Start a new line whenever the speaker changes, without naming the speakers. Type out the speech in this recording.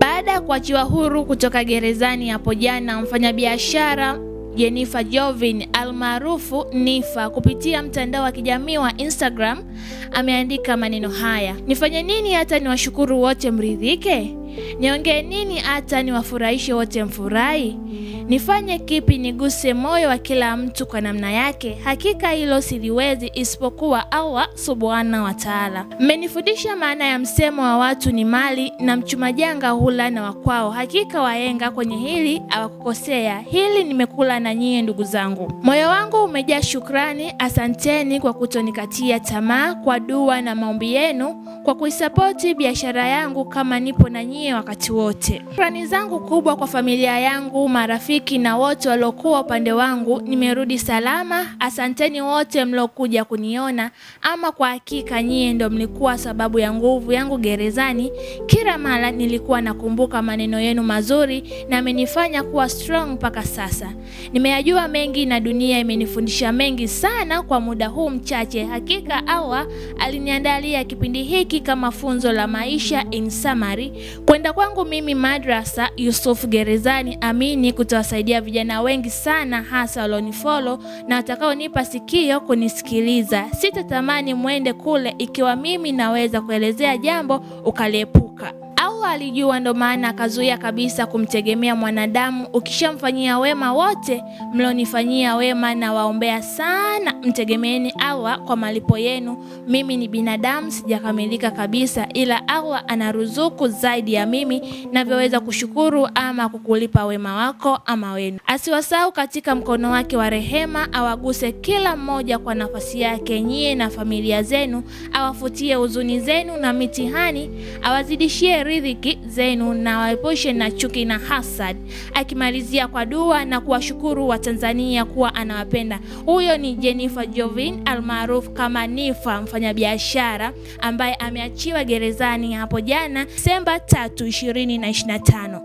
Baada ya kuachiwa huru kutoka gerezani hapo jana, mfanyabiashara Jennifer Jovin almaarufu Nifa kupitia mtandao wa kijamii wa Instagram ameandika maneno haya: nifanye nini hata niwashukuru wote mridhike? Niongee nini hata niwafurahishe wote mfurahi? Nifanye kipi niguse moyo wa kila mtu kwa namna yake? Hakika hilo siliwezi isipokuwa Allah subhana wa taala. Mmenifundisha maana ya msemo wa watu ni mali, na mchumajanga hula na wakwao. Hakika wahenga kwenye hili hawakukosea. Hili nimekula na nyie ndugu zangu. Moyo wangu umejaa shukrani. Asanteni kwa kutonikatia tamaa, kwa dua na maombi yenu, kwa kuisapoti biashara yangu kama nipo na nyie nyie wakati wote. Shukrani zangu kubwa kwa familia yangu, marafiki na wote waliokuwa upande wangu. Nimerudi salama, asanteni wote mliokuja kuniona. Ama kwa hakika nyie ndo mlikuwa sababu ya nguvu yangu gerezani. Kila mara nilikuwa nakumbuka maneno yenu mazuri na amenifanya kuwa strong mpaka sasa. Nimeyajua mengi na dunia imenifundisha mengi sana kwa muda huu mchache. Hakika awa aliniandalia kipindi hiki kama funzo la maisha in summary. Kwenda kwangu mimi madrasa Yusuf Gerezani Amini kutawasaidia vijana wengi sana, hasa walionifolo na watakaonipa sikio kunisikiliza. Sitatamani mwende kule ikiwa mimi naweza kuelezea jambo ukaliepua. Allah alijua, ndo maana akazuia kabisa kumtegemea mwanadamu. Ukishamfanyia wema wote mlionifanyia wema na waombea sana, mtegemeeni Allah kwa malipo yenu. Mimi ni binadamu, sijakamilika kabisa, ila Allah anaruzuku zaidi ya mimi navyoweza kushukuru ama kukulipa wema wako ama wenu. Asiwasahau katika mkono wake wa rehema, awaguse kila mmoja kwa nafasi yake, nyie na familia zenu, awafutie huzuni zenu na mitihani, awazidishie ridhi mashariki zenu na waepushe na chuki na hasad, akimalizia kwa dua na kuwashukuru Watanzania kuwa anawapenda. Huyo ni Jennifer Jovin almaarufu kama Nifa, mfanyabiashara ambaye ameachiwa gerezani hapo jana Desemba 3, 2025.